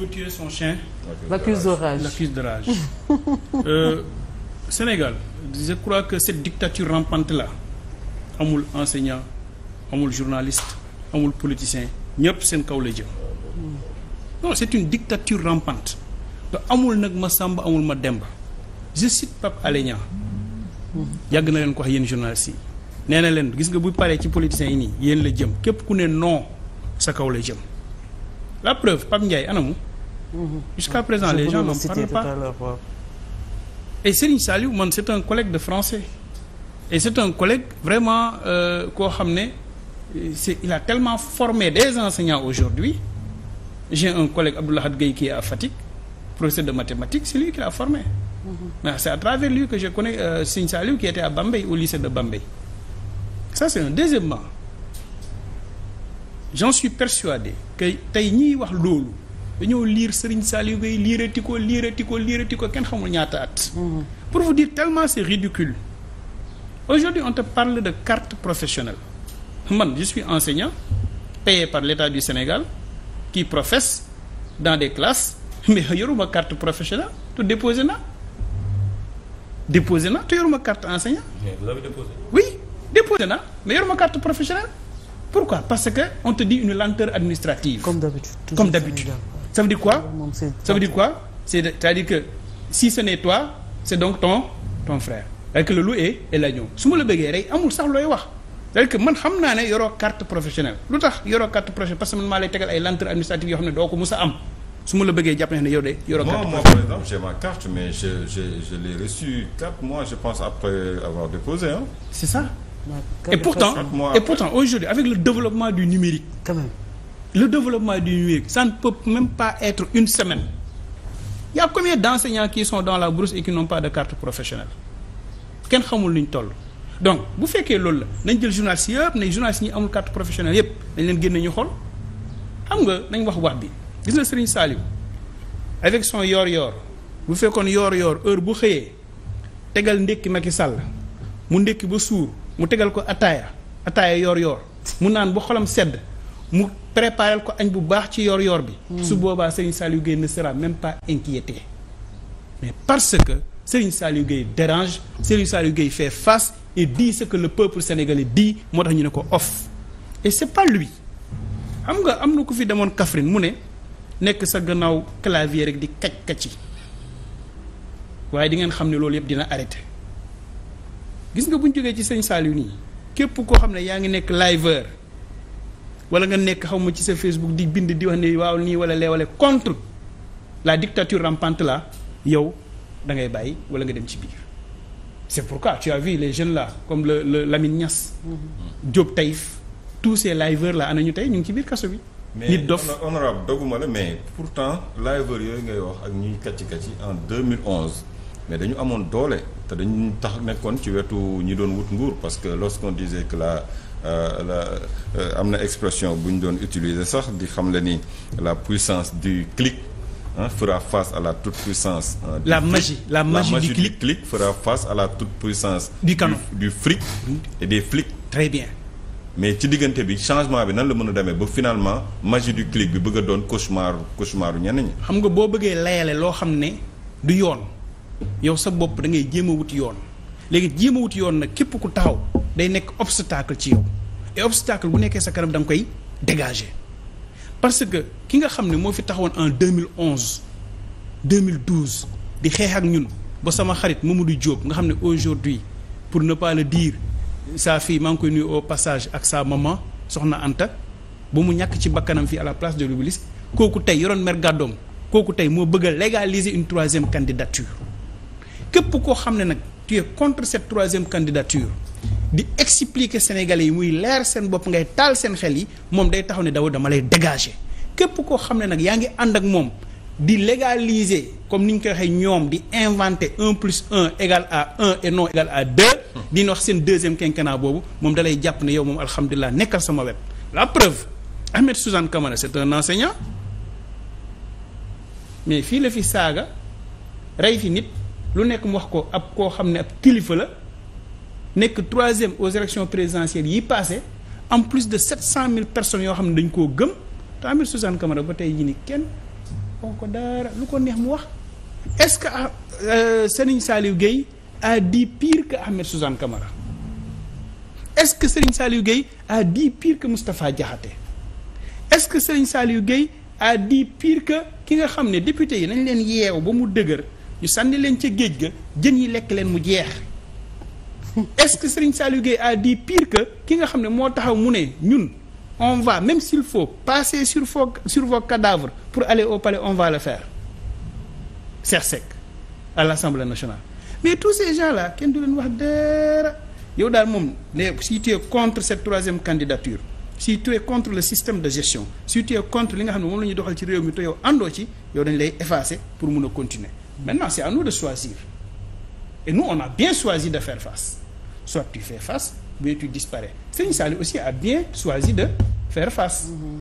veut tuer son chien. l'accuse de rage l'accuse de rage. euh, Sénégal je crois que cette dictature rampante la amul enseignant amul journaliste amul politicien ñëpp seen kaw lay jëm. non c'est une dictature rampante te amul nag ma sàmba amul ma demba je cite Pape Alé Niang yàgg na leen ko wax yéen journalistes yi nee na leen gis nga bu paree ci politiciens yi nii yéen la jëm képp ku ne noo sa kaw la jëm la preuve Pape Ndiaye anamu. Mhm. jusqu'à présent les gens n'en parlent pas et Serigne Saliou man c'est un collègue de français et c'est un collègue vraiment euh, koo xam ne c'est il a tellement formé des enseignants aujourd'hui j'ai un collègue Abdou Lahad Gueye qui est à Fatick professeur de mathématiques c'est lui qui l'a formé mhm. mais c'est à travers lui que je connais euh, Serigne Saliou qui était à Bambey au lycée de Bambey ça c'est un deuxièmement j'en suis persuadé que tey ñiy wax loolu dañoo liir Serigne Saliou Gueye liirati ko liirati ko liirati ko kenn xamul ñaata at. Mhm. pour vous dire tellement c'est ridicule aujourd'hui on te parle de carte professionnelle man je suis enseignant payé par l'État du Sénégal qui professe dans des classes mais yoruma carte professionnelle te déposé na déposé na te yoruma carte enseignant. vous l'avez déposé. oui déposé na mais yoruma carte professionnelle. pourquoi parce que on te dit une lenteur administrative. comme d'habitude ça veut dire quoi ça veut dire quoi c'est-à-dire que si ce n'est toi c'est donc ton ton frère c'est-à-dire que et et l'agneau su ma la bëggee rey amul sax looy wax cest dire que man xam naa ne yoroo carte professionnelle lu tax yoroo carte professionnelle parce que man maa lay tegal ay lenteur administrative yoo xam ne doo ko mus a am su ma la bëggee jàpp ne yow de yoroo carte moi par exemple j'ai ma carte mais je je je l'ai reçue quatre mois je pense après avoir déposé hein c'est ça le développement du numérique ça ne peut même pas être une semaine il y a combien d'enseignants qui sont dans la brousse et pas de carte professionnelle kenn xamul luñ toll donc bu fekkee loolu la nañ jël journaliste yëpp ne journaliste ñi amul carte professionnelle yëpp dañ leen génne ñu xool xam nga nañ wax wax bi gis nga Serigne Saliou avec son yor-yor bu fekkoon yoor yor heure bu xëyee tegal ndékki i Sall mu ndékki ba suur mu tegal ko ataaya ataaya yor-yor mu naan ba xolam sedd. mu préparel ko añ bu baax ci yor yoor bi. Hmm. su boobaa Serigne Saliou Gueye ne sera même pas inquiété mais parce que Serigne Saliou Gueye dérange Serigne Saliou Gueye fait face et di ce que le peuple sénégalais moo tax ñu ne ko off et c'est pas lui xam nga am na ku fi demoon Kaffrine mu ne nekk sa gannaaw clavier rek di kacc kacci waaye di ngeen xam ne loolu yëpp dina arrêté gis nga buñ jógee ci Serigne Saliou nii képp koo xam ne yaa ngi nekk liveur. wala nga nekk xaw ma ci sa Facebook di bind di wax ne waaw nii wala lee wala contre la dictature rampante la yow da ngay bàyyi wala nga dem ci biir. c'est pourquoi tu as les jeunes la comme le le Lamine Niass. Mm-hmm. Diop Taïf tous la liveurs là ana ñu tey ñu ngi ci biir kaso bi. nit dof mais honorable doguma la mais pourtant liveurs yooyu ngay wax ak ñuy kàcci kàcci en 2011. mais dañu amoon doole te dañu tax nekkoon ci wetu ñi doon wut nguur parce que lorsqu'on disait que la. Euh, la euh, am na expression bu ñu doon utiliser sax di xam la ni la puissance du clic hein, fera face à la toute puissance. la magie la magie, magie du, clic. du clic fera face à la toute puissance. du canon du, du fric et des flics. très bien. mais ci diggante bi changement bi nan la mën a demee ba finalement magie du clic bi bëgg doon cauchemar cauchemar ñenn ñi. xam nga boo bëggee layale loo xam ne du yoon yow sa bopp da ngay jéem a wuti yoon léegi jéem a wuti yoon nag képp ku taxaw. day nekk obstacle ci yow et obstacle bu nekkee sa kanam da nga koy dégager parce que ki nga xam ne moo fi taxawoon en 2011 2012 di xeex ak ñun ba sama xarit mu du jóob nga xam ne aujourd'hui pour ne pas le dire sa fille maa ngi koy nuyu au passage ak sa maman soxna Anta ba mu ñàkk ci bakkanam fi à la place de l'Obélisque kooku tey yoroon mer kooku tey moo bëgg a légaliser une troisième candidature képp koo xam ne nag tu contre cette troisième candidature di expliquer Sénégalais yi muy leer seen bopp ngay taal seen xel yi moom day taxaw ne daw dama lay dégager képp koo xam ne nag yaa ngi ànd ak moom di légaliser comme ni ñu koy waxee ñoom di inventer un plus un égal à un non égal à deux. di wax seen deuxième quinquennat boobu moom dalay jàpp ne yow moom alhamdulilah nekkal sama wet la preuve Ahmed Suzanne Camara c'est un enseignant mais fii la fi saaga rey fii nit lu nekk mu wax ko ab koo xam ne ab kilifa la. nekk troisième aux élections présidentielles yi passé en plus de sept cent mille personnes yoo xam ne dañ koo gëm te Amir Suzanne Camara ba tey jii ni kenn wax ko dara lu ko neex mu wax est-ce que euh, Serigne Saliou Gueye a dit pire que Ahmed Suzanne Camara est-ce que Serigne Saliou Gueye a dit pire que Moustapha est-ce que Serigne Saliou Gueye a dit pire que ki nga xam ne député yi nañ leen yeew ba mu dëgër ñu sànni leen ca géej ga jën yi lekk leen mu jeex est-ce que Serigne Saliou Gueye a dit pire ki nga xam ne moo taxaw mu ne ñun on va même s'il faut passer sur vos sur vos pour aller au palais on va le faire Cheikh Seck à l'Assemblée nationale mais tous ces gens là kenn du leen wax dara yow daal moom ne si tu es contre cette troisième candidature si tu es contre le système de gestion si tu es contre li nga xam ne moom la ñuy doxal ci réew mi te yow àndoo ci yow dañ lay effacer pour mun a continuer maintenant c'est à nous de choisir Et nous, on a bien choisi de faire face. Soit tu fais face, mais tu disparais. Serigne Saliou aussi a bien choisi de faire face. Mmh.